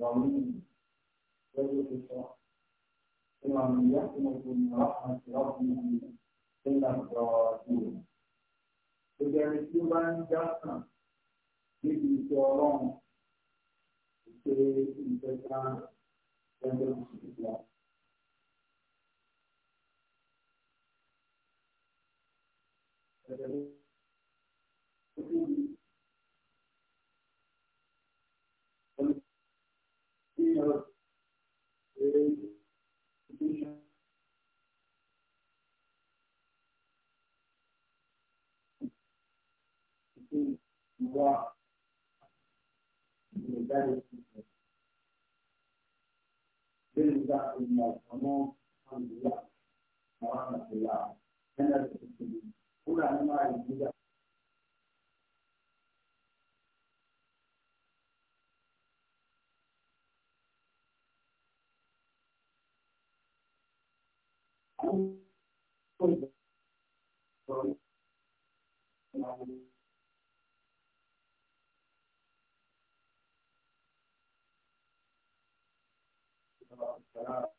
ظالمين ويجب الشرع ومن يقنط من رحمة ربه إلا الظالمون Ìbẹ̀rẹ̀ tí ó bá ń jásàn níbi ìṣẹ́ ọlọ́run ìṣe ìṣẹ́ta ẹgbẹ́ òṣèlú. Thank you. ìwà ìgbà Thank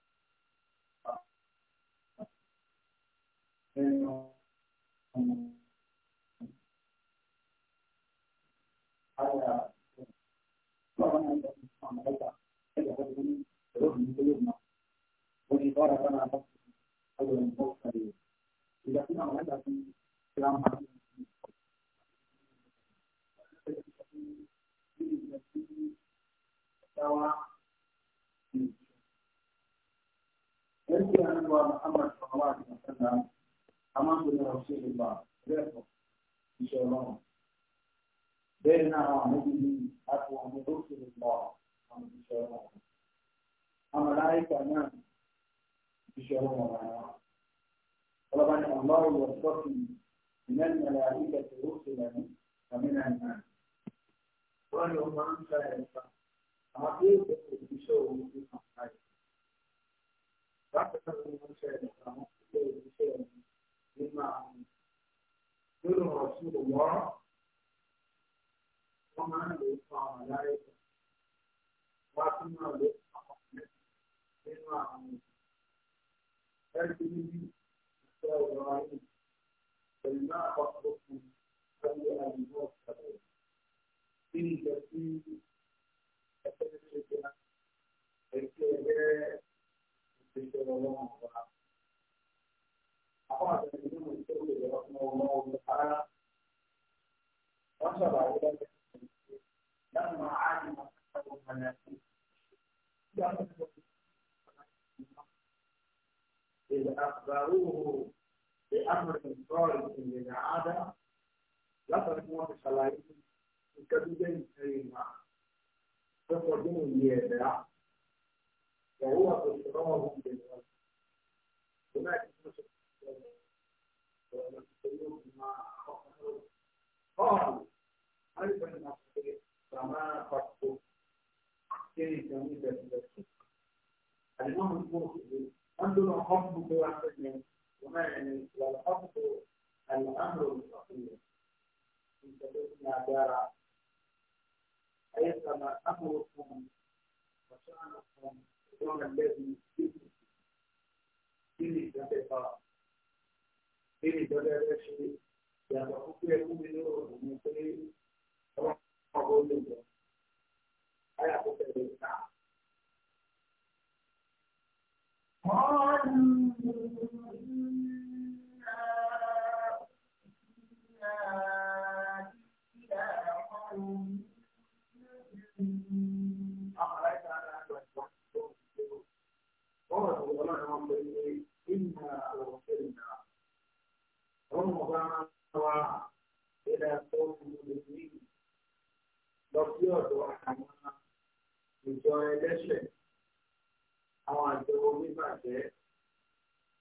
tí ẹ ní ọ̀rọ̀ mi pé ọmọ ọmọ ó lè jọ ayé àkókò ẹ̀ lè Wow ìlà ọ̀hún lòdì lọ sí ọ̀dọ̀ àwọn ìjọ ẹlẹ́ṣẹ̀ àwọn àjọ oníbàjẹ́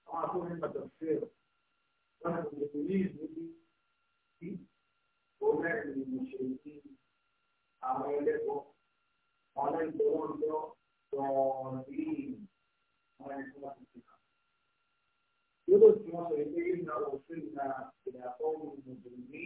àwọn afúnibàjọ fẹ́ẹ̀ wọn àti lòdì ní ìlú bí òun náà ní ìmọ̀ṣẹ́ ìdí àwọn ẹlẹ́kọ̀ọ́ àwọn ẹlẹ́kọ̀ọ́ wọn lọ sọ̀rí àwọn ẹlẹ́kọ̀ọ́ ti fi hàn. Yóò tí wọ́n sọ pé ìlànà òfin ìlànà ìdàpọ̀ òmùgbò ní.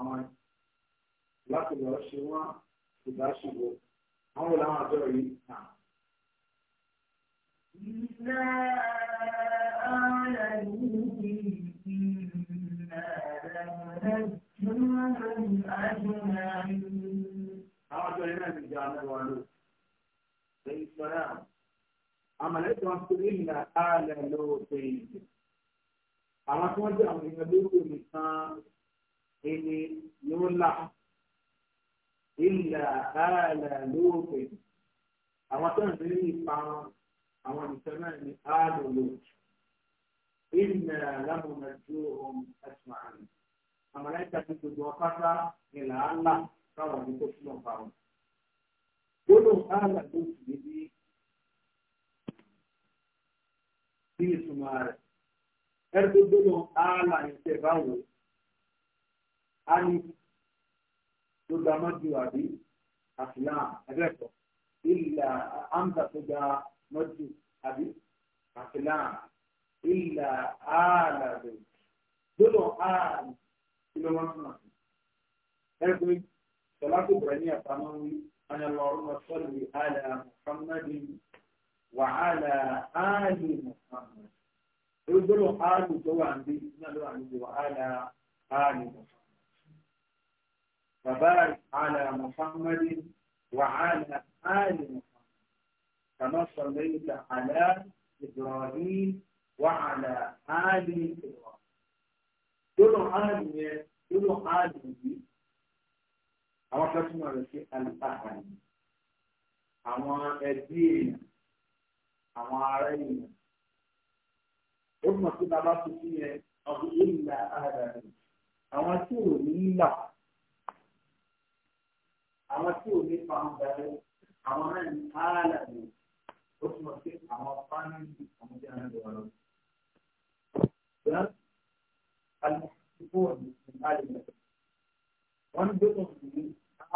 pamọ́ láti lọ ṣe wọ́n ìdásùwò àwọn làwọn àjọ yìí nà. Ìlà ààrẹ yìí ti nà rẹ̀ lọ́wọ́ àjọyọ̀ Àwọn àjọ yìí náà ti jẹ́ àmẹ́wàá lò. Lẹ́yìn sọ́ra, àmàlẹ́ tí wọ́n ti rí ìlà ààrẹ lọ́wọ́ pé àwọn tí wọ́n jẹ́ àwọn ènìyàn lórí òmìnira إني نولع إلا آل لوط أما تنزلي فعلا أما نسمعني آل لوط إنا لمنجوهم أجمعين أما لا تجد وقتا إلى الله كما بكسنا فعلا قولوا آل لوط بدي في سمارة أردو قولوا آل إنتباوه ani tó gba mọ́jú àbí àfìlà ẹ̀rẹ́kọ̀ ilà amza tó gba mọ́jú àbí àfìlà ilà àlàbẹ̀ gbọ́dọ̀ àlù kí ló máa ń sọ̀rọ̀ ẹgbẹ́ sọlá tó bẹ̀rẹ̀ ní àtàwọn wí أنا اللهم صل على محمد وعلى آل محمد. يقولوا آل جوان بي، وعلى آل محمد. وبارك على محمد وعلى آل محمد كما صليت على إبراهيم وعلى آل إبراهيم دول آل دول آل دي àwọn akẹ́kọ̀ọ́ máa lọ sí alùpàá ni àwọn ẹbí èèyàn àwọn ará èèyàn ó mọ̀ sí bàbá tuntun yẹn ọ̀gbìn ìlà ara rẹ̀ àwọn tí ò ní là àwọn tí ò ní fáwọn darí àwọn náà ní ààlà ni ó túmọ̀ sí àwọn fáńdì àwọn tí a ń lọ lọ. Wọ́n ní gbé tó sì ní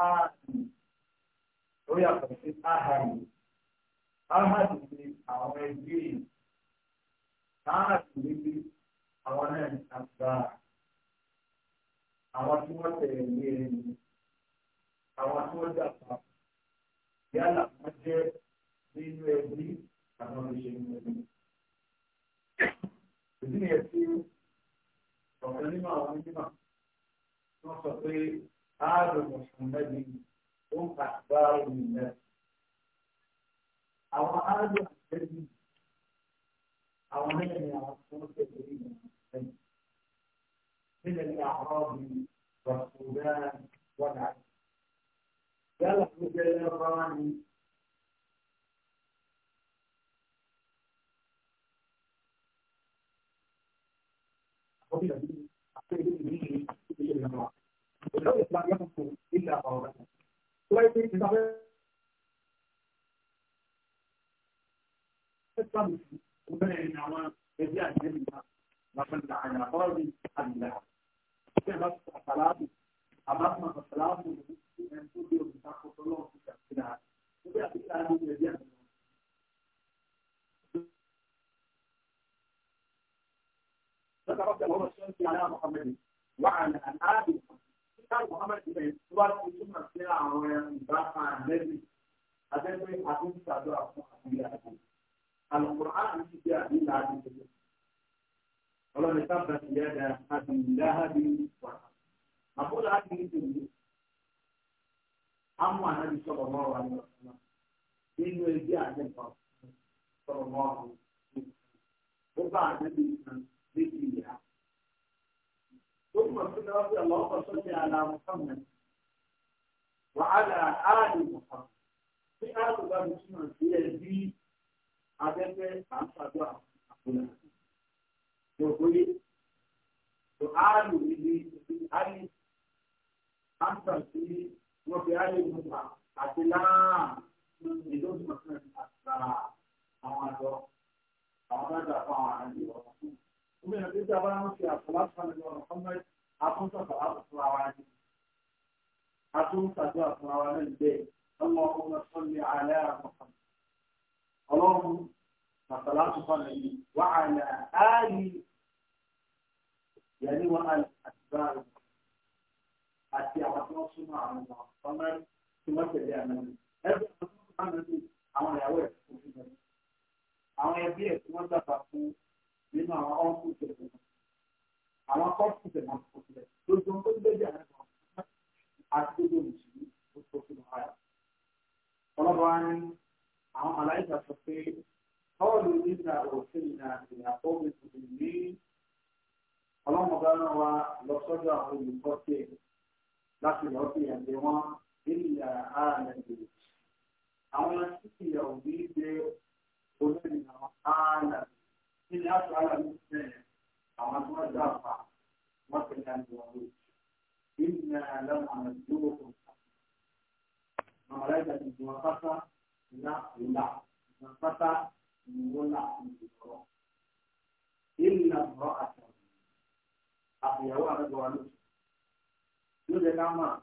áàdì lórí àkọsí áhàdì. Áhàdì ni àwọn ẹgbẹ́ yìí. Áhàdì ni bí àwọn náà ń ta Àwọn tí wọ́n tẹ̀lé ẹni. àwọn tí wọ́n jà pa yálà wọ́n jẹ́ nínú ẹbí àwọn oníṣẹ́ nínú ẹbí. ìdí nìyẹn tí ọ̀kan nínú àwọn onímọ̀ wọ́n sọ pé ààrùn mùsùlùmí ó ń kà bá òun ilẹ̀. àwọn ààrùn àtẹ́bí àwọn mẹ́rin ni àwọn tó ń tẹ̀lé ìlànà àtẹ́bí. من الأعراب والسودان والعجم yálà tó jẹ́ lárúbáwá ni. وبين عوام رجال جميعا وقلنا عن عقاب عن الله كما الصلاة أمامنا الصلاة على محمد وعلى آل محمد كان محمد إذا سؤال كتب مسيرة عن بركة النبي هذا ما يحدث تدور القرآن في هذه العادة ولا نتبت يد أبي لهب أقول هذه الدنيا أما النبي صلى الله عليه وسلم إنه يجي عند الفاصل صلى الله عليه وسلم وبعد النبي صلى الله عليه ثم كنا رضي اللهم صل على محمد وعلى آل محمد في آل بقى مسلم في الدين عدد عن صدوة أقول يقول سؤال في آل أنت في وفي آل محمد أتلا بدون مسلم أسرع أو أدوى أو أدوى أو أدوى omi ìrìn àti ìjọba ń ṣe àfọláṣà nínú ọ̀nà fọ́nmẹ́ àtúntàfà àfọ̀fúnra wa ni àtúntàjọ àfọ̀fúnra wa náà bẹ́ẹ̀ ọlọ́run sọ́ni alẹ́ àkọ́kọ́ ọlọ́run màtàlá tó fọ́nà yìí wà á lẹ́ àárí yẹni wà á àtìbá rẹ̀ àti àwọn tí wọ́n súnmọ́ àwọn ọmọ fọ́nmẹ́ tí wọ́n tẹ̀lé àná ẹgbẹ́ àwọn tó fọ́nà yìí àwọn ìyàwó ẹ̀ àwọn ẹbí ẹ̀ tí wọ́n dábàá fún nínú àwọn ọ̀nkú ìṣẹ̀lẹ̀ náà àwọn kọ́ọ̀tù ìṣẹ̀lẹ̀ náà kò sílẹ̀ lójú ohun tó ń gbẹ́jẹ́ àwọn ẹ̀kọ́ àti gbogbo mùsùlùmí ó tó fún wa rẹ̀. ọlọ́ba wa ní àwọn aláìsà sọ pé bọ́ọ̀lù nígbà òfin náà ìyàpọ̀ mùsùlùmí ní ọlọ́mọba náà wa lọ sọ́dọ̀ àwọn olùkọ́ tiẹ̀ láti lọ́ọ́ fi ẹ̀jẹ̀ wọn nílẹ̀ ààrẹ ìlú àwọn tí ìyàwó bí ṣe olóyìn àwọn ààrẹ ìlú kí ni aṣọ ara mi fẹ́ àwọn tó wá dá àpá wọ́n ti ká ní wọn lójú ìnà àlọ́mọ àwọn ìdúró kò sá àwọn aláìsàn ti dùn wọn pátá ìlà ìlà ìlà pátá ìwọ là ìdúró ìlà ọ̀rọ̀ àtàwọn àfìyàwó àwọn ìdúró lójú ló lè máa.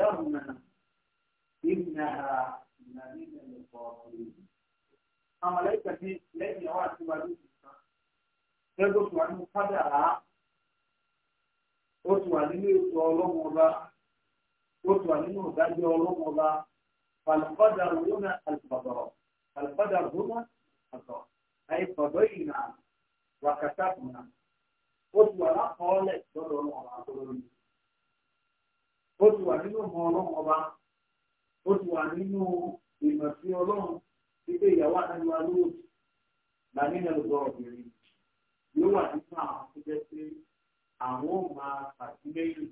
قدرنا إنها لمن القاصرين àmàlẹ́kà ní lẹ́yìn àwọn àti wàlú ìsìnkà lẹ́gbọ́n tó wà ní kádàrá ó ti wà nínú ètò ọlọ́mọ ọba ó ti wà nínú ìdájọ́ ọlọ́mọ ọba fàlùfàdà rúnà àlùfàdọ̀rọ̀ fàlùfàdà rúnà àlùfàdọ̀rọ̀ àyè fàdọ̀ yìí wàkàtà kùnà ó ti wà lákọọ́lẹ̀ lọ́dọ̀ ọlọ́mọ lórí ó ti wà nínú ọmọ ọlọ́mọ ó ti wà nínú ìmọ̀ sí ọlọ́run ilé ìyàwó àtàlù alówó bàmí ní ọgbọ obìnrin yóò wà nínú àwọn tó jẹ pé àwọn ò máa fàtìlẹ́yìn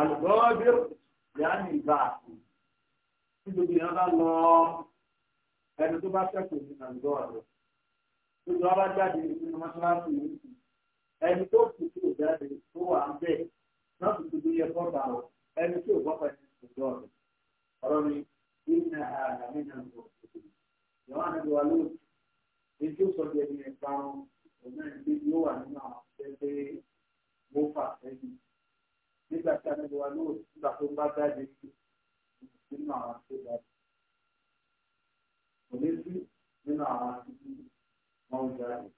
àlùbọ́ ọjọ́ ìyáàmì ìgbà àti tí gbogbo èèyàn bá lọ ẹni tó bá ṣẹ̀kùn ní àlùbọ́ ọ̀rọ̀ tó lọ bá jáde nínú mọ́ṣáláṣí yìí ẹni tó kù tí ò jáde tó wà ń bẹ̀ náà tó yẹ fọ́ bá ẹni tí ò gbọ́ pẹ̀lú ìgbọ́ ọ̀rọ̀ ọ̀rọ̀ ni. إنها لمن المرسلين يوانا بوالوت يجو صدي من البارو ومن بيجو أنه سيدي موفا سيدي nígbà tí a ní Lúùtù nígbà tó bá jáde nínú àwọn tó jáde kò ní sí nínú àwọn tó wọn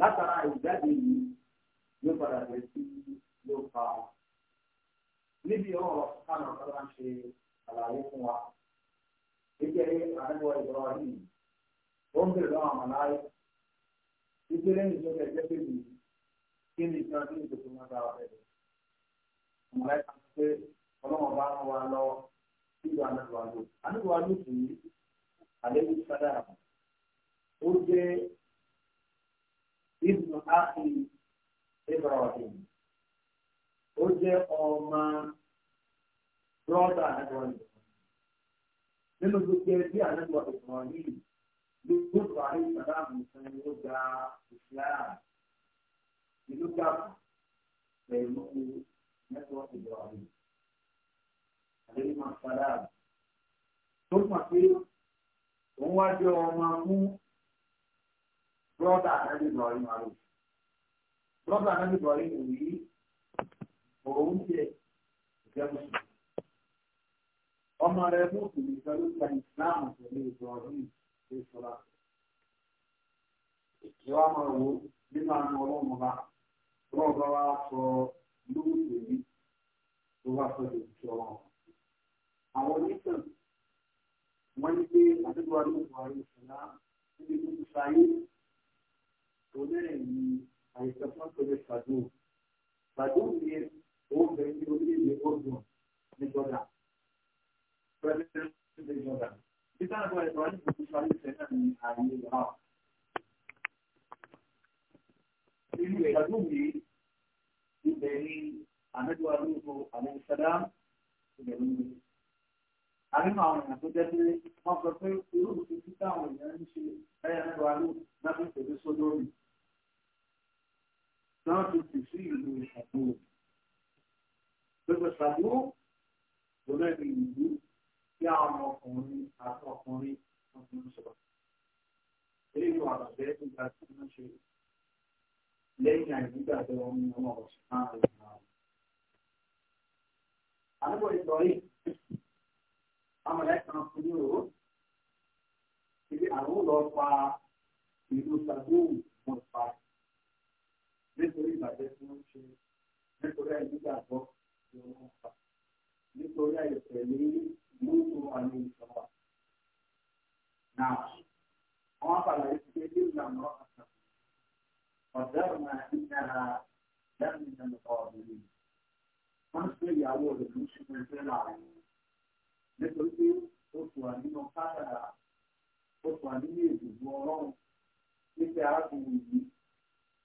látara ìjáde yìí ló padà bẹ̀ sí ló fa àwọn níbi ọ̀rọ̀ káwọn ọ̀sán máa ń ṣe àlàyé fún wa. Gbígbé àdúgbò ìrọ̀rọ̀ yìí, ó ń bèrè lọ́wọ́ àmàláyé. Gbígbé lẹ́yìn tó kẹ̀ jẹ́ bèbí, kí ni ìtàn tí ìdòkú máa dára bẹ̀rẹ̀? Àmàláyé kan ti pé ọlọ́wọ́n bá ń wa lọ sílùú Anúwàlú. Anúwàlú sì ní àléébù sádà. Ó jẹ́ ìdùnnú áàfin Ibrahim ó jẹ́ ọmọ brọ́dà àdúrà nínú gbogbo ẹbí àdúrà ìsọ̀rọ̀lì gbogbo àyè sàdáàmù nìkan ni ó gba ìsìláàmù ìlú gàpù pẹ̀lú nẹ́tíwọ́ọ̀kì ìsọ̀rọ̀lì àdéhùn máa sàdáàmù tó mọ̀ pé òun wá jẹ́ ọmọ fún brọ́dà àdúrà ìsọ̀rọ̀lì brọ́dà àdúrà ìsọ̀rọ̀lì nìyí òun tiẹ̀ ìjẹ́ mùsùlùmí. ọmọ rẹ̀ mùsùlùmí pẹ̀lú ìgbà ìsìláàmù pẹ̀lú ìbọ̀rún ìṣe sọ́ra. ìwà máa wo nínú àwọn ọlọ́mọ bá wọ́n bá wá sọ lóòótọ́ yìí tó wá sọ lè jọ àwọn onítàn wọ́n ní pé àdúgbò àdúgbò àrùn ìṣẹ̀lá níbi tó ti ṣayé tó lẹ́yìn àìsàn tó ń pèlè ṣàdó yẹn ó bẹ ní orílẹ̀-èdè ogun ní jọdá pẹ́ẹ́sì ní jọdá títà àgbà ẹ̀kọ́ ní kò tó parí ìṣẹ́ náà ní ààyè wa. inú ìyàgbọ́ mi ibẹ̀ ni àmẹ́dùwà lóko àlẹ́sàdá ibẹ̀ ló ń gbé. àmínú àwọn èèyàn tó jẹ́ pé wọ́n sọ pé irú òfin títà àwọn èèyàn ń ṣe ẹ̀yà àmẹ́dùwà lóko láti pèsè sódóòrì. náà ti sí ìlú ìṣàkóso gbogbo ṣàbú olóògbé ìlú tí àwọn ọkùnrin àti ọkùnrin wọn ti ń sọ̀rọ̀. eléyìí wà lọ́sẹ̀ tó ga tí wọ́n ṣe lẹ́yìn àìnígbàgbọ́ ọmọ ọmọ ọ̀sán náà rẹ̀ náà. àdúgbò ìtọ́rí àwọn ẹ̀kan fún ní òru ibi àwọn lọ pa ìlú ṣàbú wọn pa nítorí ìbàjẹ́ tí wọ́n ṣe nítorí àìnígbàgbọ́ ni wọ́n fà nítorí àìsàn ní lóòótọ́ àmì ìjọba. Náà àwọn àbàlàyé ti dé ní ìlànà ọ̀sán. Ọ̀dọ́rùn-ún àìsàn lẹ́nu ìjọba ọ̀bìnrin. Wọ́n ń pè ìyàwó rẹ̀ ní ṣùgbọ́n ìfẹ́ láàrin. Nítorí pé oṣù àdínà kádàrà oṣù àdínà ìdìbò ọlọ́run nípa arákùnrin yìí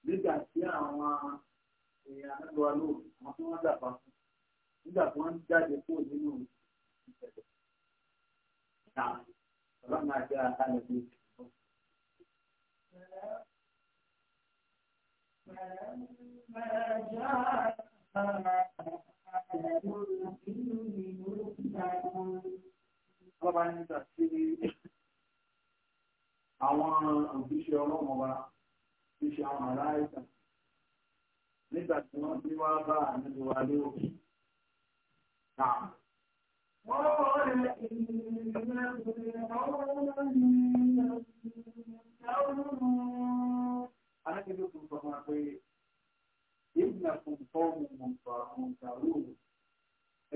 nígbà tí àwọn èèyàn ẹgbẹ́ wa lóòrùn àwọn wọ́n dàgbà fún nígbà tí wọ́n jáde kúrò nínú ìṣẹ̀lẹ̀ náà bàbá máa jẹ́ àtàlẹ̀ bí ìṣẹ̀lẹ̀. Ọlọ́ba nígbà tí àwọn òṣìṣẹ́ ọlọ́mọba ti ṣe àwọn aláìsàn nígbà tí wọ́n ti wá bá àmì ìwà lóòkè. نعم قال إن فرعون أنا كده كنت بقول إنكم قوم منكرون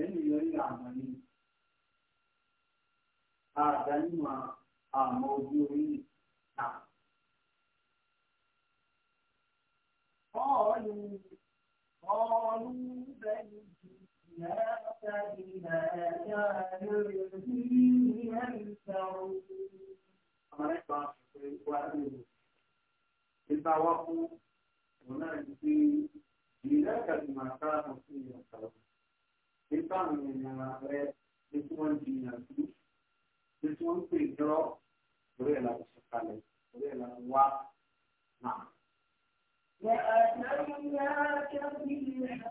ẹni yọrí àmọ́ ni àdánimọ̀ àmọ́ ojú orí nà. Ọ̀ọ́lù ọ̀ọ́lù bẹ́ẹ̀ ni. Ìgbà wa fún ọ̀nà ìdí ìrẹ́kà ti máa káàkiri sí ìyàtọ̀. Nípa àwọn ènìyàn rẹ̀ ní tí wọ́n di ìyàtọ̀, ní tí wọ́n pè jọ́ orí ẹ̀ láti sọ̀kalẹ̀, orí ẹ̀ láti wá náà. Wọ́n á dáná ní àákẹ́ bí ìrẹ́kà.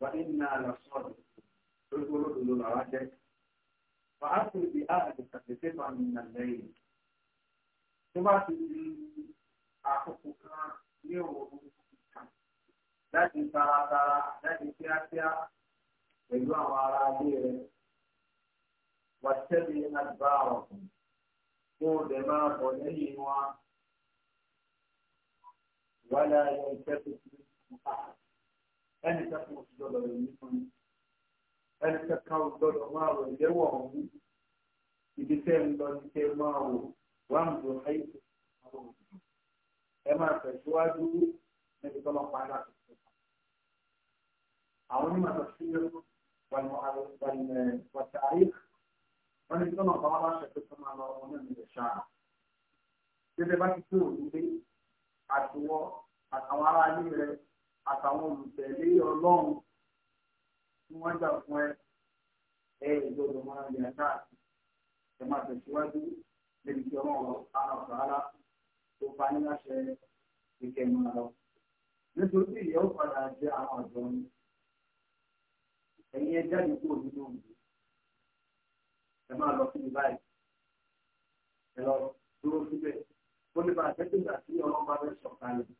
وإنا لصادق torí pé olóòtú ló làwọn jẹ́. wàá tó di ààrẹ kàtẹ́tẹ́ máa ń nà lẹ́yìn. tó bá ti di àkókò kan ní òwò kan láti taratara láti kíákíá pẹ̀lú àwọn ará ilé rẹ̀ wàá tẹ́lẹ̀ àgbà ọ̀hún kó o dẹ̀ máa bọ̀ lẹ́yìn wọn. wàá láyé ìtẹ́kùtù. ẹni kankan ò gbọdọ̀ máa wọ̀ ìyẹ́wọ̀ ọ̀hún ibi tẹ́ ń lọ ní tẹ́ máa wò wà ń bọ̀ ayé tó ẹ máa tẹ̀síwájú níbi tó lọ́pàá láti tẹ̀ àwọn onímọ̀ tafsir والتاريخ wọ́n ní sọ́nà bá wá ṣẹ̀tọ́ tó máa lọ ọmọ mi lè ṣáà tẹ́tẹ́ bá ti tó òdúgbé àtiwọ́ àtàwọn ará rẹ àtàwọn olùtẹ̀lé ọlọ́run tí wọ́n gbà fún ẹ ẹ ìgbọ́dọ̀ máa yẹ káàkiri ẹ máa tẹ̀síwájú níbi tí ọlọ́run àràbàrà tó bá ní láṣẹ ìkẹ́ máa lọ. nítorí ìyẹ́ ó padà jẹ́ àwọn àjọ ni ẹ̀yin ẹ jáde kúrò nínú òun ẹ máa lọ síbi báyìí ẹ lọ dúró síbẹ̀ ó lè bá àtẹ́tẹ̀gbà tí ọlọ́run bá fẹ́ sọ̀kalẹ̀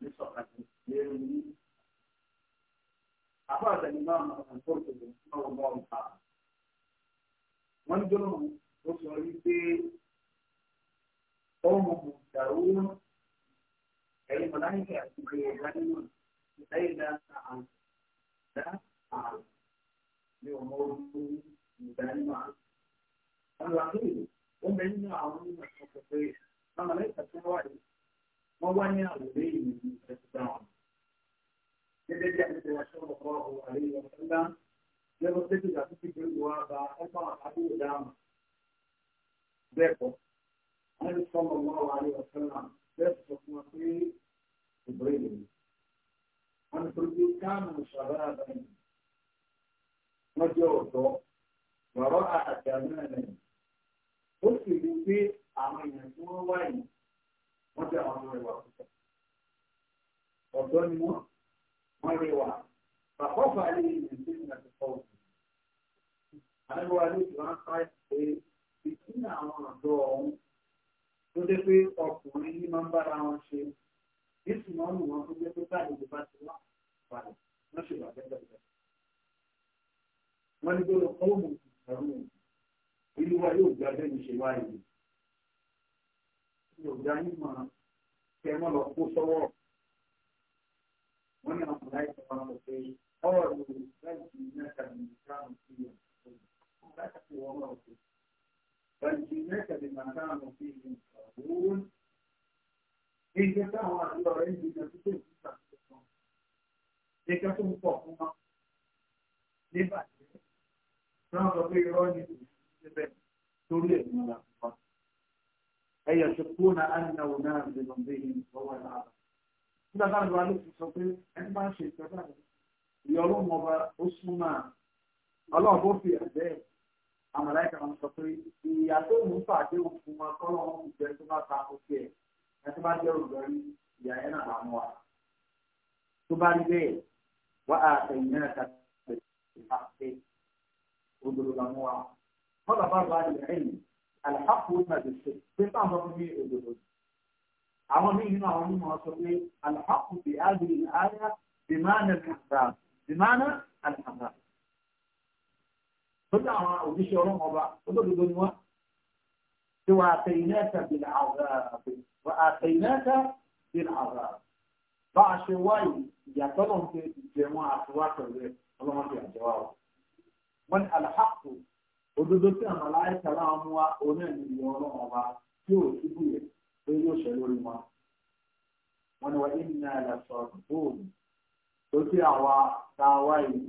ní sọ̀kalẹ̀ lé أخرج الإمام القرطبي رحمه الله تعالى من جنون وصوليتي قوم مبترون أي ملائكة يتخيلون ليلة عن لا عن لأمور مدانة الرحيم ومن يعلم الحقيقة أنا ليس سواء ومن يعلم الحقيقة gẹ́gẹ́ bí àti ìṣẹ̀lẹ̀ aṣọ ọ̀pọ̀ ọ̀hún àlẹ́ ìwọ̀nsẹ́ńdá lẹ́nu tẹ́tù àti tìjú ìwà bá ẹ̀fọ́ àti ìdáàmú. bẹ́ẹ̀ kọ́ àti sọ́mọ ọ̀hún àlẹ́ ìwọ̀nsẹ́ńdá bẹ́ẹ̀ sọ fún wa pé ìbúrẹ́ ìlú. àmì tó ti káàmù ṣàbára àbẹ̀yìn wọ́n jẹ́ ọ̀dọ́ wọ̀rọ̀ àti àmì ó sì rí pé àwọn èèyàn tí wọ́n wáyé wọ́n jẹ́ àwọn ọmọ ìwà ọ̀dọ́ ni wọ́n. وليوا فخاف عليه من فتنة القوم أنا الوالد وأنا خايف ìtúnà àwọn ọ̀dọ́ ọ̀hún tó dé pé ọkùnrin ní máa ń bára wọn ṣe yéésù máa ń mú wọn tó dé pé báyìí ló bá ti wá padà wọ́n ṣe wà bẹ́ẹ̀ bẹ́ẹ̀. wọ́n ní pé ọkọ̀ òmù ìtàrú ìlú wa yóò gba bẹ́ẹ̀ ní ṣe wá yìí. yóò gba yín mọ̀ kẹ́ ẹ mọ́ lọ kó sọ́wọ́ وانا اقول تفاصيل في اول بلد الناس من كانوا فيه لا تقوى بل جئناك بما كانوا فيه يصابون إن كانوا على عندي نفسهم Tem que assumir um uma debater. Não, eu fui irônico. تولد منافقا أي يشكون أنه نازل بهم هو العذاب nígbà táwọn ìwà ló ti sọ pé ẹni máa ń ṣe ìjọba rẹ ìyá ọlọ́run ọba ó sún náà ọlọ́run bó fi ẹ̀bẹ́ àwọn aláìka wọn sọ pé ìyá tó ń fà dé òkú wọn kọ́lọ́ wọn kò jẹ́ tó bá ta òkè ẹ̀ ẹ tó bá jẹ́ olùdarí ìyá yẹn náà lámú wa tó bá rí bẹ́ẹ̀ wá àtẹ̀yìn náà ká tẹ̀lé ìfàṣẹ òdòdó lámú wa wọn bàbá bá yẹ ẹ̀yìn àlàáfíà ó ti àwọn míì nínú àwọn onímọ̀ sọ pé alhaqu bi adi aya bimana alhaqu bimana alhaqu. lójú àwọn òjíṣẹ́ ọlọ́run ọba olódodo ni wọ́n ti wà àtẹ̀yìnẹ́ta bìlà àwòrán wà àtẹ̀yìnẹ́ta bìlà àwòrán bá a ṣe wáyé ìyàtọ̀ lọ́n ti jẹ wọn àti wá pẹ̀lú ọlọ́run ti àjẹwà o. wọ́n ní alhaqu òdodo tí àwọn aláìsàn náà mú wa oní ẹ̀mí ọba tí ò ṣe lórí wọn wọn ni wọn ìnà ẹ̀sọ̀ bóòlù tó kí àwa ta wá yìí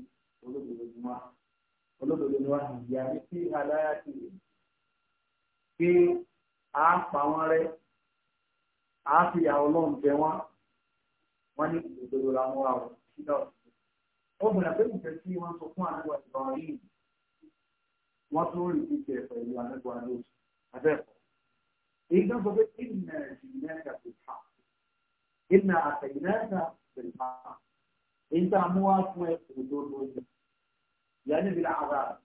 olódodo ni wá olódodo ni wá ìyá ní sí aláyà sí rè kí a pa wọn rẹ a fi àwọn ọlọ́run jẹ wọn wọn ní òdodo la àwọn sílẹ̀ ọ̀sẹ̀ ó bùnà pé nìkan tí wọ́n sọ fún àdúgbò àti bàwọn yìí wọ́n tún rí ìdíje pẹ̀lú àdúgbò àdóso abẹ́ẹ̀kọ́. إذا قلت إنا جئناك بالحق إنا أتيناك بالحق أنت موافق وجود يعني بالعذاب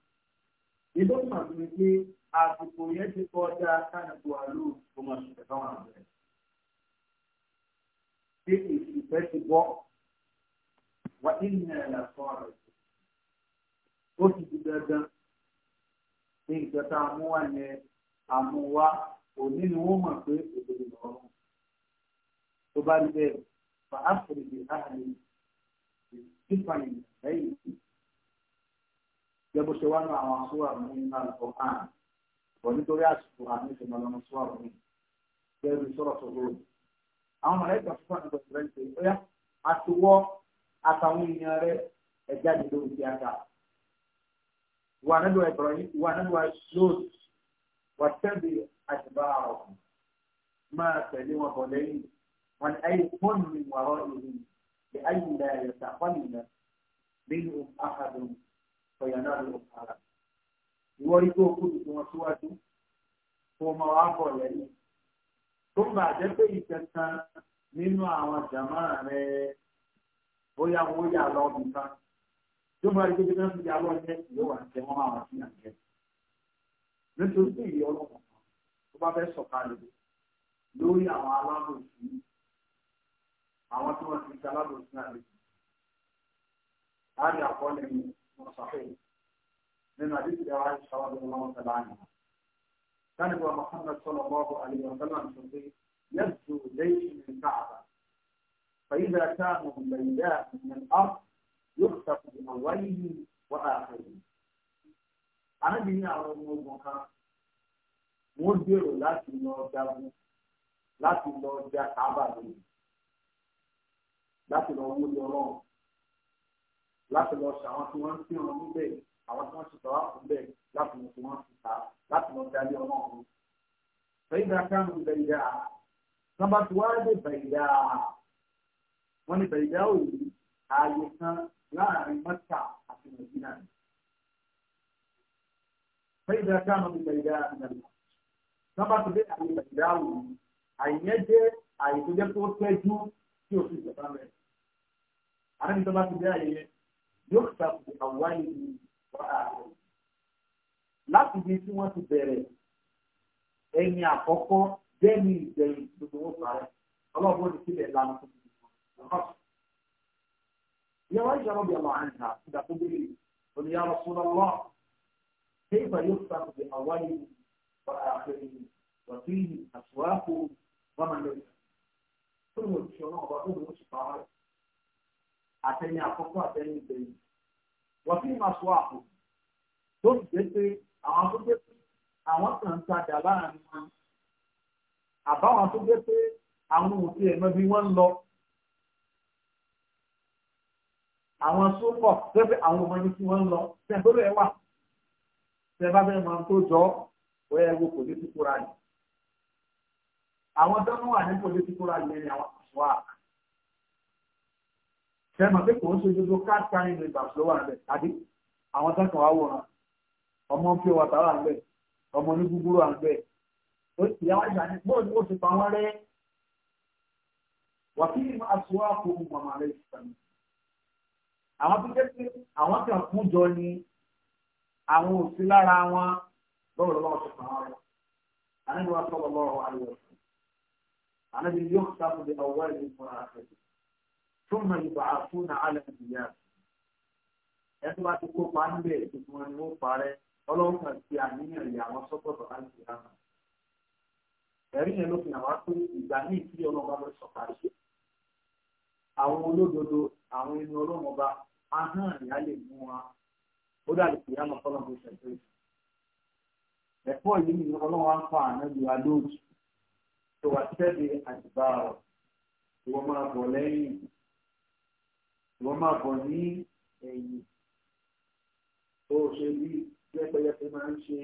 إذا ما قلت àsìkò yẹn ti kọjá kánàtó àlù tó máa ṣẹlẹ̀ fáwọn àgbẹ̀. Ṣé ìfẹ́ ti bọ́? Wà nínú ẹ̀ lásán rẹ̀. Ó ti di dandan. Ní ìjọta amúwá yẹn, amúwá òní ni wọ́n mọ̀ pé òdodo lọ́rùn tó bá rí bẹ́ẹ̀ fà á fòrò dé ààrẹ fífa ìlú lẹ́yìn jẹ́ bó ṣe wá ní àwọn asúwà mú iná lọ hàn bọ̀ nítorí àsìkò àmì ìṣẹ̀lẹ̀ ọlọ́run asúwà mú bẹ́ẹ̀rù sọ̀rọ̀ sọ̀rọ̀ àwọn mọ̀lẹ́kà fífa ìlú lẹ́yìn pé ó yá àtiwọ́ àtàwọn èèyàn rẹ̀ ẹ̀já ìlú ìdí àgbà wà nílùú ẹ̀bọ̀rọ̀ yìí wà nílùú أتباعهم ما سلمه لي وأن أي كن من ورائهم لئلا يتخلف منهم أحد فينال أصحابه يورثوا كل مسوات ومواقع لي ثم بعد ذلك nínú àwọn jàmá rẹ bóyá owó yà lọ nìkan tí ó bá rí gbẹgbẹ náà fi yà jẹ bá fẹ́ sọ̀kalẹ̀ lórí àwọn alábòsí àwọn tí wọ́n ti di alábòsí àlejò láti àkọọ́lẹ̀ wọn sàfẹ́ nínú àdéhùn ìyáwó àìsàn wọn lọ́wọ́ wọn tẹ̀lé àná. كان هو محمد صلى الله عليه وسلم يبدو جيش من الكعبة فإذا كانوا بيداء من الأرض يخطف بأولهم وآخرهم. أنا بني أعلم wọ́n gbèrò láti lọ jagun láti lọ ja kábà lónìí láti lọ wó lọ rọrùn láti lọ ṣe àwọn tí wọ́n ń fi hàn níbẹ̀ àwọn tí wọ́n ti sọ̀rọ̀ fún bẹ́ẹ̀ láti lọ tí wọ́n ti ta láti lọ dalé ọlọ́run. Bẹ̀yìdá kánú bẹ̀yìdá sábà tí wọ́n á dé bẹ̀yìdá wọ́n ní bẹ̀yìdá òyì ààyè kan láàrin mọ́tà àti nàìjíríà. Bẹ̀yìdá kánú bẹ̀yìdá nàìjíríà sábà tó dé àyè ìdáhùn àyè yẹn jẹ́ àyè tó jẹ́ tó tẹ́jú tí o sì jọba mẹ́. àrẹ mi tó bá ti dé àyè yẹn yóò ṣàkóso àwọn àyè yìí wà á rẹ̀. láti ibi tí wọ́n ti bẹ̀rẹ̀ ẹni àkọ́kọ́ bẹ́ẹ̀ni ìgbẹ̀yìn gbogbo wọn parẹ́ ọlọ́run ní sílẹ̀ lánàá tó ti di wọn. ìyàwó ìṣòro bí ọmọ àyìnbá ìdàkúndé oníyàwó sọlọ́lọ́ kéèpà yóò ṣàkóso àwọn àyè yìí وآخره وفيه أسواقه ومن لبسه كل مشروع وكل مشروع àtẹni àkọ́kọ́ àtẹni ìgbẹ̀yìn wọ́n fi máa sọ àpò tó sì jẹ́ pé àwọn tó gbé pé àwọn kan ń tajà láàrin wọn àbáwọn tó gbé pé àwọn òkè ẹ̀mọ́ bí wọ́n ń àwọn ọmọ ibi tí wọ́n lọ tẹ̀ tó wà tẹ̀ bá máa tó jọ wọ́n yẹ wo political rally. àwọn tó ń wà ní political rally ni àwọn swag. sẹ́mọ̀ pé kò ń ṣe gbogbo card carrying members ló wà níbẹ̀ àbí àwọn tó ń kàn wá wòran ọmọ ń fi ọwọ́ tàwa níbẹ̀ ọmọ ní gbúgbúrú à ń bẹ̀. ìyàwó ìgbà ni bóòlù ó ti pa wọ́n rẹ́ wàkíyìn aṣọ àkóhùn mọ̀mọ́ rẹ̀ ìsàmì. àwọn tó jẹ́ pé àwọn kan kún jọ ni àwọn ò lára wọn. bọ́ọ̀lù lọ́wọ́ ṣe kàn án na ànábi wa sọ̀rọ̀ lọ́wọ́ àríwọ̀ ànábi yóò sáfù bí ọwọ́ ìlú fún àṣẹjù ti ti wọn yẹn ló fi hàn wá pé ìgbà ní ló àwọn olódodo àwọn ẹni ahọ́n ìyá lè mú wa ó ẹ̀kọ́ yìí ni ọlọ́run wá ń fa àná ju adóòtú tó wà tẹ́lẹ̀ àtìbá ọ̀ ìwọ máa bọ̀ lẹ́yìn ìwọ máa bọ̀ ní ẹ̀yìn tó ṣe bí yẹ́pẹ́yẹ́pẹ́ máa ń ṣe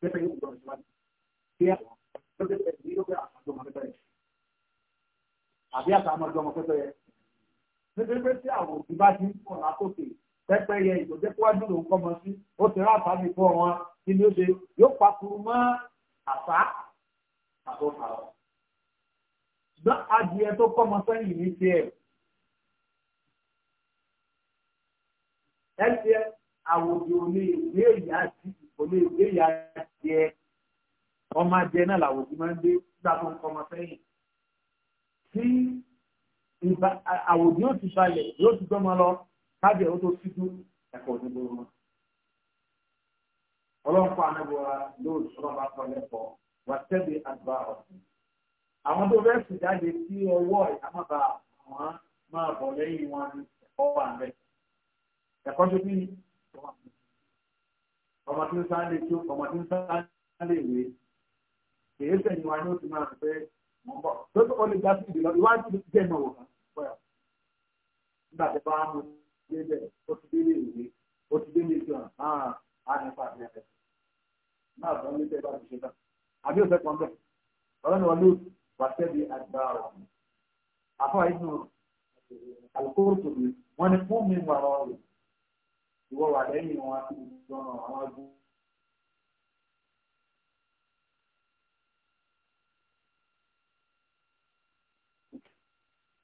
Siempre hay un problema sexual. Había hasta más como que nítorí pé tí àwọn òbí bá ti ń kàn látòkè pẹ́pẹ́yẹ ìgbọ̀jẹ́ kó wájú lòún kọ́mọ sí ó ti rá àṣà mi fún wọn kí ni ó ṣe yóò pakuru mọ́ àṣà àtọ́ka ọ̀. ṣùgbọ́n adìẹ tó kọ́mọ sẹ́yìn ní tiẹ̀ ẹ̀ṣẹ̀ àwòdì òní ìwé ìyá àti òní ìwé ìyá àti ẹ̀ ọmọ adìẹ náà làwòdì máa ń dé nígbà tó ń kọ́mọ sẹ́yìn àwòdì yóò ti balẹ̀ yóò ti gbọ́mọ lọ káàdì ẹ̀rọ tó ti dún ẹ̀kọ́ ọdún gbogbo wọn. ọlọ́pàá anábọ̀ra lóòótọ́ ọlọ́pàá kọ́ lẹ́kọ̀ọ́ wà tẹ́lẹ̀ àgbà ọ̀sìn. àwọn tó fẹ́ sùn jáde sí ọwọ́ ìyámọ̀ba àwọn máa bọ̀ lẹ́yìn wọn ní ẹ̀kọ́ wà rẹ̀. ẹ̀kọ́ tó bí ọmọ tí ń sáré tó ọmọ tí ń sáré ìwé kèé sẹ́yìn wa ni ó ti máa fẹ́ mọ̀ lọ́sọ̀ ọ lè gba sí ìdè lọ́dún iwájú ló ti jẹ́ ìmọ̀ wọ̀n bọ́yà. nígbà tí bá mú dé bẹ́ẹ̀ ó ti dé ní ìwé ó ti dé ní ìtura náà á ní fà ní ẹ̀fẹ̀. náà sọ ní bẹ́ẹ̀ bá ti ṣe tán àbí òfẹ́ kan bẹ́ẹ̀ ọlọ́run wọn ló wà sẹ́bi àgbà rẹ̀. àfọ wọn ni fún mi wà ìwọ wà lẹ́yìn wọn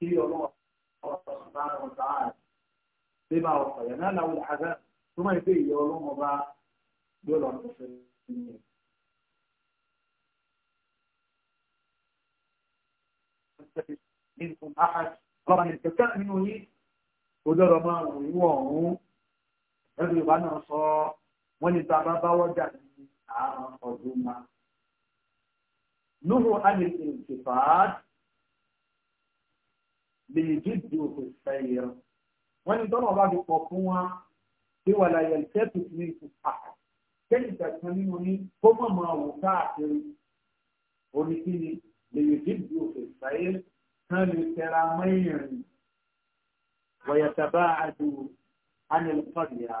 kí ọlọ́wọ́ ọ̀sán ọ̀sán àti bí máa ọ̀sán yẹn náà làwọn àgbà tó máa gbé ìyá ọlọ́wọ́ bá yóò lọ sí ṣe nìyẹn. منكم أحد طبعا التكأمن ودر ما وعون ẹbí ìwà náà sọ wọn ní tá a bá báwọ jà ní àárọ̀ ọdún máa. Núhù Alìsìn Kìfàád lè dídì òkè sẹ́yìn rẹ̀. wọ́n ní tọ́nà bá fi pọ̀ fún wa pé wà láyé ìtẹ́tù ní ìfò àkà kéyìn kankan nínú ní kó mọ̀ máa wò káàkiri oníkíni lè dídì òkè sẹ́yìn kan lè tẹ̀ra mẹ́rin wọ̀yẹ̀tàbá àjò anilkọ́dìyà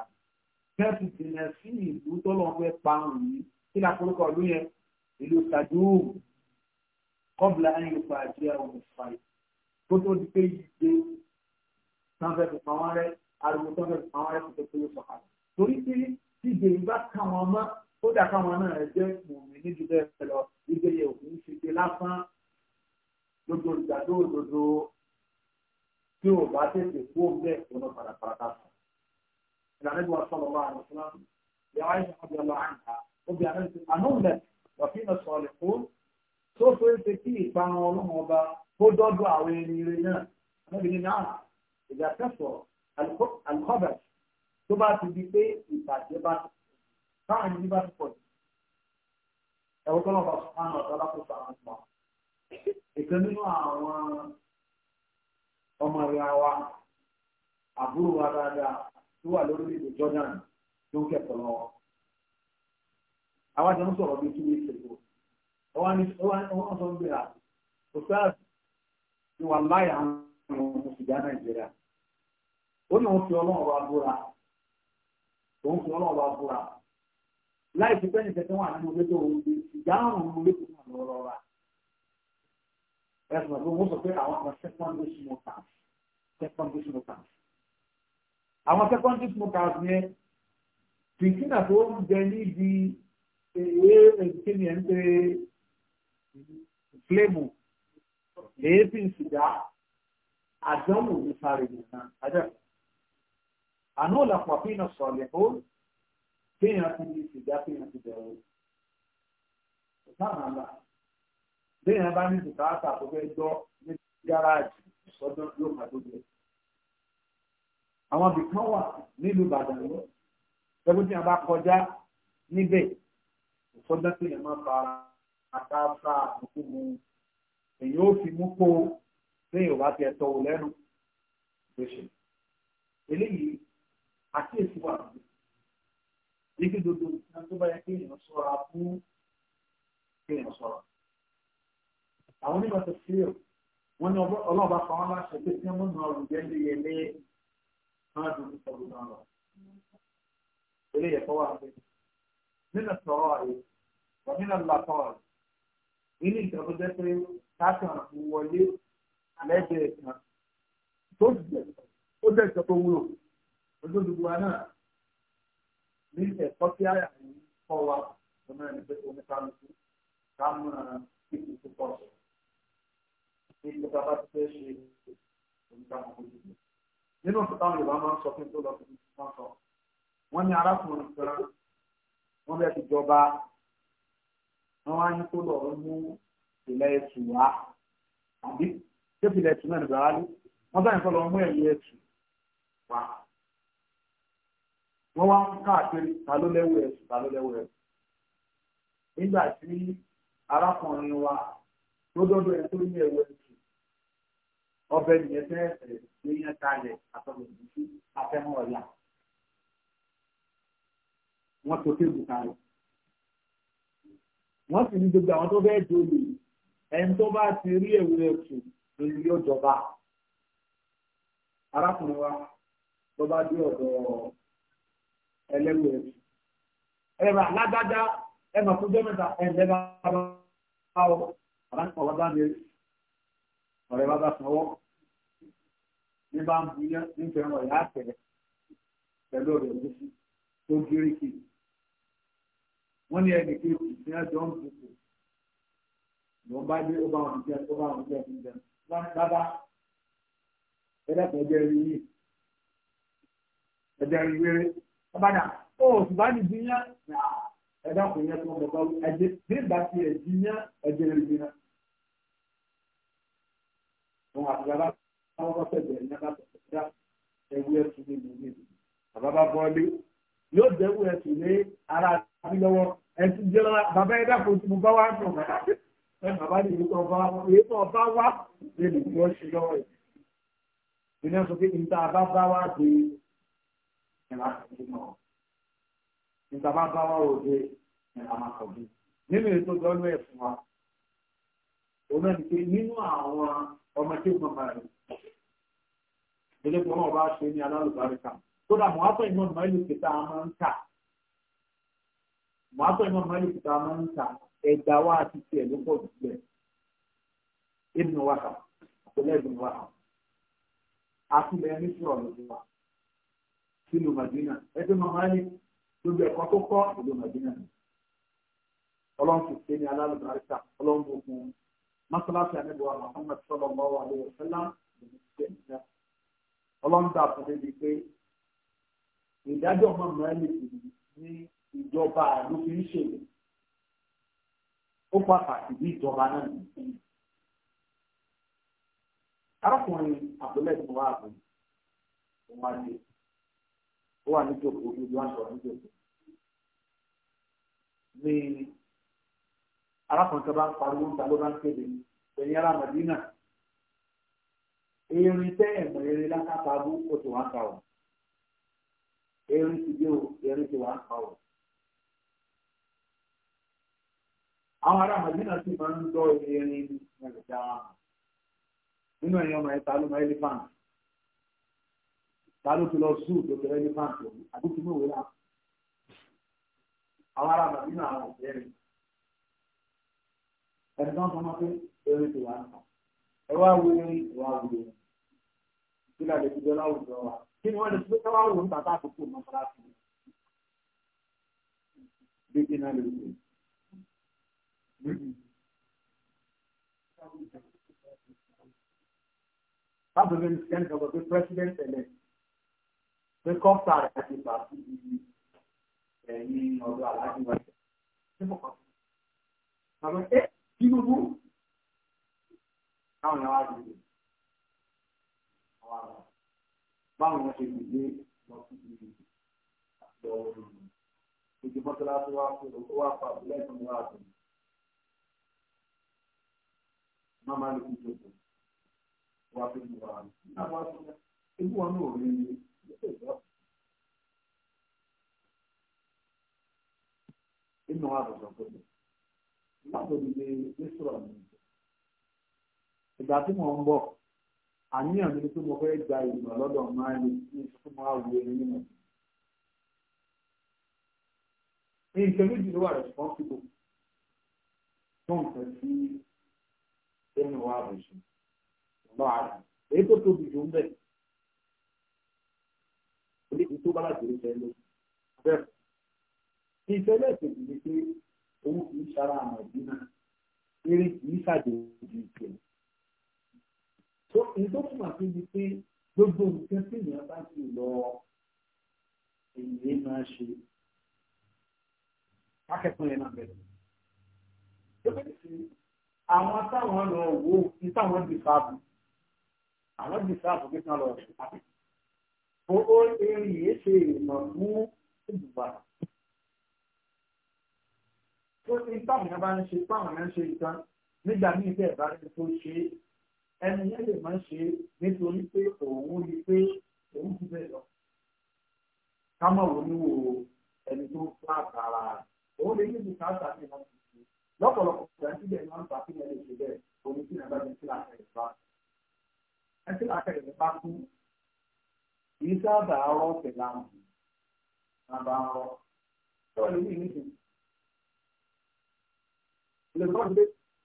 kẹ́ẹ̀tù jìnnà sí ìlú tọ́lọ́ fẹ́ parun yìí kí ni àkókò ọdún yẹn ìlú tàdúrù kọ́bùlà fàyè kó tó di pé ìdíje tán fẹ́ fi pamọ́ rẹ ariwo tán fẹ́ fi pamọ́ rẹ kó tó sọ̀kalẹ̀ torí pé ìdíje ìgbà káwọn mọ́ kódà káwọn náà jẹ́ mùmí níbi bẹ́ẹ̀ lọ ìdíje yẹ òkú ń ṣe lásán lójó ìgbàdo òdodo tí ò bá tètè kú òun bẹ́ẹ̀ tó lọ padà padà sùn. ìlànà ìgbà sọ̀rọ̀ wa àrùn fún àrùn ìyàwó àìsàn ọ̀bì ọlọ́ àǹkà obì àná ìsìn àná òun lẹ̀ wà fí kó dọ́dọ̀ àwọn ẹni rẹ náà lẹ́bi ní náà ìgbà kẹsọ̀ alukọ́bẹ̀ tó bá ti di pé ìbàjẹ́ bá ti táwọn ẹni bá ti pọ̀ jù ẹ̀wọ́n tó lọ́ba sùpánù ọ̀tọ́ lákòóso àwọn ọmọ ìkan nínú àwọn ọmọ ìyá wa àbúrò wa dáadáa tó wà lórílẹ̀-èdè Jordan tó ń kẹ́kọ̀ọ́ lọ́wọ́ àwọn àjọ ń sọ̀rọ̀ bíi two weeks ago wọ́n sọ ń gbéra kò ni wà láyà àwọn ọmọ ìjà nàìjíríà ó ní òun fi ọlọ́run wa búra òun fi ọlọ́run wa búra láì fi pẹ́ẹ́nì tẹ́tẹ́ wà nínú ilé tó ń ìjà àrùn ilé tó wà lọ́wọ́ lọ́wọ́ ẹ̀sùn ọ̀gbọ́n wọ́n sọ pé àwọn kan secondary smokers secondary smokers àwọn secondary smokers yẹn tìǹtìǹtà tó ń bẹ níbi èyí èyí kéèyàn èébì ìṣìdá àdánwò ní sáré nìkan ajẹ́kọ̀ọ́. àná òlàpọ̀ fi iná sọ̀lẹ̀ ó kéèyàn ti ní ìṣìdá kéèyàn ti bẹ̀rù. ìtàn àlà béèyàn bá ní bùkátà tó fẹ́ gbọ́ ní gáràjì sọ́dọ̀ yóò máa tó jẹ. àwọn ibìkan wà nílùú Ìbàdàn lọ ẹgbẹ́ tí a bá kọjá níbẹ̀ ìsọdọ̀ kéèyàn máa fara àtàtà àkókò mọ́ èyí ó fi mú kó lẹ́yìn ò bá tiẹ̀ tọ́ o lẹ́nu lóṣù eléyìí àkíyèsí wà lóṣù ibi gbogbo nǹkan tó bá yẹ kí èèyàn ṣọ́ra fún kí èèyàn ṣọ́ra àwọn onígbà tó ṣe é wọn ní ọlọ́run bá fọwọ́n láṣẹ pé kí wọ́n náà rùjẹ́ ní ilé máa dùn ní sọ̀rọ̀ náà lọ eléyìí ẹ̀kọ́ wà lóṣù nínú sọ̀rọ̀ rẹ̀ wọ́n nínú làkọ́ rẹ̀ nínú ìjọba jẹ́ pé kákan kò wọlé lẹ́gbẹ̀ẹ́ kan tó jẹ ó jẹ ìjọ tó wúlò olódodo wa náà ní ẹ̀kọ́ tí àyà ń kọ́ wa ọmọ ẹni pé omi kánú sí ká mú ara kí n tó pọ̀ sí i ní ìjọba bá ti fẹ́ ṣe omi kánú sí i. nínú ìfúta wọn Yorùbá máa ń sọ fún tó lọ sí i wọn sọ wọn ní arákùnrin kan wọn bẹ ti jọba wọn wá ní kó lọ mú ìpìlẹ̀ ẹ̀tù wá àbí ṣé ìpìlẹ̀ ẹ̀tù náà nìgbà wálé wọ́n bá nǹkan lọ mú ẹ̀yẹ ẹ̀tù wá. wọ́n wá ń káàkiri ta ló lẹ́wọ̀ ẹ̀tù ta ló lẹ́wọ̀ ẹ̀tù. nígbà tí arákùnrin wa tó dọ́dọ̀ ẹ̀ tó ní ẹ̀wọ̀ ẹ̀tù ọbẹ̀ nìyẹn fẹ́ ẹ̀sẹ̀ lóyún ẹ̀ka rẹ̀ àtọ̀lọ̀ afẹ́mọ́ ọ̀la. wọ́n tó tébù kan wọ́n sì ní gbogbo àwọn tó fẹ́ dòlè yìí ẹni tó bá ti rí èwe ètò lórí yóò jọba arákùnrin wa tó bá dé ọ̀dọ̀ ẹlẹ́wẹ̀ ètò ẹ̀rọ alágbádá ẹ̀mọ̀ fún jẹ́mẹ́ta ẹ̀ǹdẹ́ bá bá ọ arákùnrin ọ̀rọ̀ bá mi ọ̀rẹ́ bá bá sanwó ní bá ń bu yẹn nífẹ̀ẹ́ wọn yà pẹ̀lú ló ń bá dé ó bá wọn jẹ ó bá wọn jẹ kí n jẹ bàbá ẹlẹ́kọ̀ọ́ jẹ́ rí yìí ẹ̀jẹ̀ rí wéré ọba náà ó sì bá ní bí yẹn ẹ̀dá kò yẹ kó bàbá wí ẹ̀jẹ̀ bí ìgbà tí ẹ̀ bí yẹn ẹ̀jẹ̀ rí bí yẹn. òun àti bàbá àwọn ọmọ fẹ́ bẹ̀rẹ̀ yẹn bá tẹ̀sẹ̀ dá ẹ̀wú ẹ̀sùn ní ìlú mi bàbá bá bọ́ lé yóò dẹ́wù ẹ̀sùn lé ara àbí lọ́wọ́ ẹ̀sùn jẹ́ bàbá ẹ̀dá kò tún bá wà ń sọ̀rọ̀ bàbá ní ìlú tó bá wá lèlè tí wọ́n ṣe lọ́wọ́ yìí. Iná pé níta bá bá wá dé ẹ̀rá àti náà. Níta bá bá wá òde ẹ̀rá máa kọ̀ bí. Nínú ètò gọ́ọ̀mù ẹ̀ fún wa, ọmọ tí ó mọ̀ bá ṣe ní ẹgbà wa ti tiẹ̀ ló pọ̀ jù bẹ́ẹ̀ ibùdó wa kà àpẹẹrẹ ibùdó wa kà àtúbẹ̀ ẹni sọ̀rọ̀ lójú wa sínú Madina ẹgbẹ́ màmá ni gbogbo ẹ̀kọ́ tó kọ́ ìlú Madina ni ọlọ́run ti ṣe ní alálùbáríkà ọlọ́run bò fún un mọ́sálásí àníbọ̀ Muhammad sallallahu alaihi wasallam lòún ti ṣe ìjà ọlọ́run dà fún mi pé ìdájọ́ mọ́ mọ́ ìjọba ló fi ń ṣèlú ó pàtàkì bí ìjọba náà ní. arákùnrin àbúlẹ̀dùn wa àbò òun á lè ó wà níjòkó ojú àṣọ níjòkó ní arákùnrin tó bá ń pariwo níta ló bá ń kéde ẹ̀yìn ará Màdínà erin tẹ́ ẹ̀mọ̀ erin lákàtà abú ó ti wá ń ta ọ̀ erin ti dé o erin ti wá ń pa ọ̀. àwọn ará si ma máa ń na irin ẹ̀rọ̀dá nínú ẹ̀yàn ọmọ ẹ̀ta ma mọ elephant ta ló ti lọ zoo tó tẹ elephant òun àdúgbò mẹ́wèé náà àwọn ará màdínà ha ọ̀gbẹ́rin ẹ̀sìn náà sọ pé erin ti wà ti Báwo ni Kẹ́ni kan sọ pé President elect pé kọ́ńtà rẹ̀ ti bà sí ibi ẹ̀yìn ọ̀dọ̀ aláàjì wa. Àwọn ẹ̀ Tinubu táwọn yàrá ti dè. Báwo ni wọ́n ṣe gbèdé lọ sí ibi àti ọ̀rọ̀ ìlú? tó lásán wá fún ọkọ̀ wá fún àbúlé wá àtúntò. máma ló kún tóbi wà á fi mú wa nínú àwọn asọ́nà ewu wọn náà rí ní ilé ìjọ. inú wa àbùsọ̀ tó lè lábọ̀ nílé ìṣúra mi. ìgbà tí mo ń bọ̀ àníyàn mi ni pé mo fẹ́ gba ìmọ̀ lọ́dọ̀ máa lè ní ìṣúná àwòrán nínú ìjọ. nǹkan méjì ló wà responsible fún nǹkan tí nínú àbùsùn lọ àrùn èyí tó tóbi jù ń bẹ oníkùú tó bá láti rí fẹ́ ló bẹ́ẹ̀ ìfẹ́ lẹ́sẹ̀kì ni pé owó kì í ṣara àmọ̀ ìdí náà eré kì í ṣàjèjì ìfẹ́ tó èyí tó túmọ̀ sí ni pé gbogbo nǹkan tí èèyàn bá sì lọ èyí máa ṣe akẹ́kọ̀ọ́ yẹn náà bẹ̀rẹ̀ àwọn táwọn lọ wo ní táwọn dìsáàbù àwọn dìsáàbù pé kán lọ sí àbí. ó ó erin yìí ṣe ìmọ̀ mú ìdùbà. tó ní táwọn yẹn bá ń ṣe táwọn yẹn ń ṣe ìtàn nígbà míì bẹ́ẹ̀ bá ní tó ṣe ẹni yẹn lè má ṣe nítorí pé òun rí pé òun ti bẹ̀ lọ. ká mọ̀ wọ́n ní wo ẹni tó fún àkàrà òun lè ní ìdùkà àtàkùn náà lọ́pọ̀lọpọ̀ ìgbà tí ìgbà ìwọ̀n bá fún ẹni ìṣẹ̀lẹ̀ omi tí nàbà ní tí làákà ìfà ẹtí làákà ìfà kú kì í sábà rọ pẹ̀lá mi nàbà rọ tó ẹlòmí nìkú ẹlòmí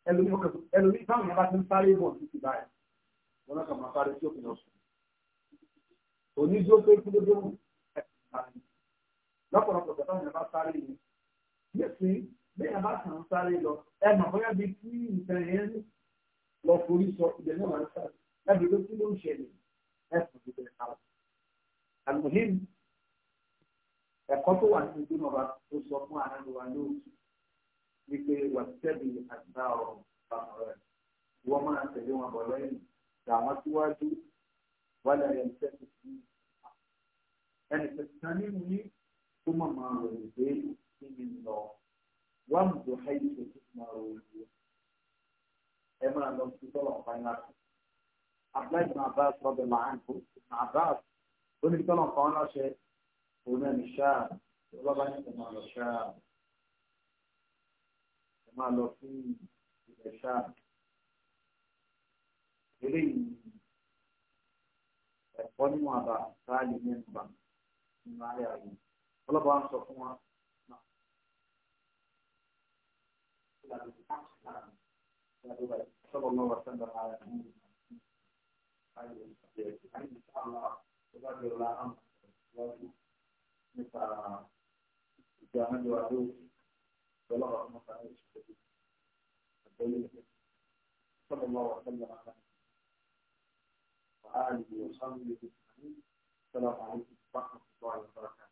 ẹlòmí ẹlòmí táwọn yàrá ti ń sáré bọ̀ títí báyìí wọn náà kà máa sáré tí ó fi lọ sùn onídó pé kí ló dé wọn lọ́pọ̀lọpọ̀ ìgbà táwọn yàrá sáré yìí bẹ́ẹ̀ bá kàn ń sáré lọ ẹ mọ̀ bóyá bíi tí ìtàn yẹn lọ forí sọ ìdè náà máa ń sáré ẹ bẹ̀rẹ̀ kí ló ń ṣẹlẹ̀ ẹ sùn ti bẹ̀rẹ̀ kárọ̀. àlùmọ́hìn ẹ̀kọ́ tó wà nínú ìdúnà wa tó sọ fún àánú wa lóòtù wípé wà tẹ́bi àgbà ọ̀rọ̀ bàbá rẹ̀ wọ́n máa tẹ̀lé wọn bọ̀ lẹ́yìn làwọn síwájú wálé ẹni tẹ́sí sí ẹni tẹ́sí kan nínú yín tó mọ̀ máa rò lè dé níbi lọ wọ́n mú bò ha yìí tó máa rò wọ́n. ẹ máa lọ sí tọ́lọ̀ ọ̀pá ńlá kan. abdullahi bin abbas rọ́bẹ̀ làán kó abbas ó ní tọ́lọ̀ ọ̀pá ńlá ṣe òun náà ní ṣáà lọ́ba ní kò máa ṣáà. ẹ máa lọ sí ilẹ̀ ṣáà. eléyìí ẹ̀kọ́ níwọ̀n àbá sáà lè mẹ́nu bá nínú ayé àyè. ọlọ́ba ń sọ fún wa. صلى الله وسلم على نبينا محمد ان شاء الله تبادل الامر مثل جامد وعدو بلغ مصالح صلى الله وسلم على وآله وصحبه أجمعين السلام عليكم ورحمة الله وبركاته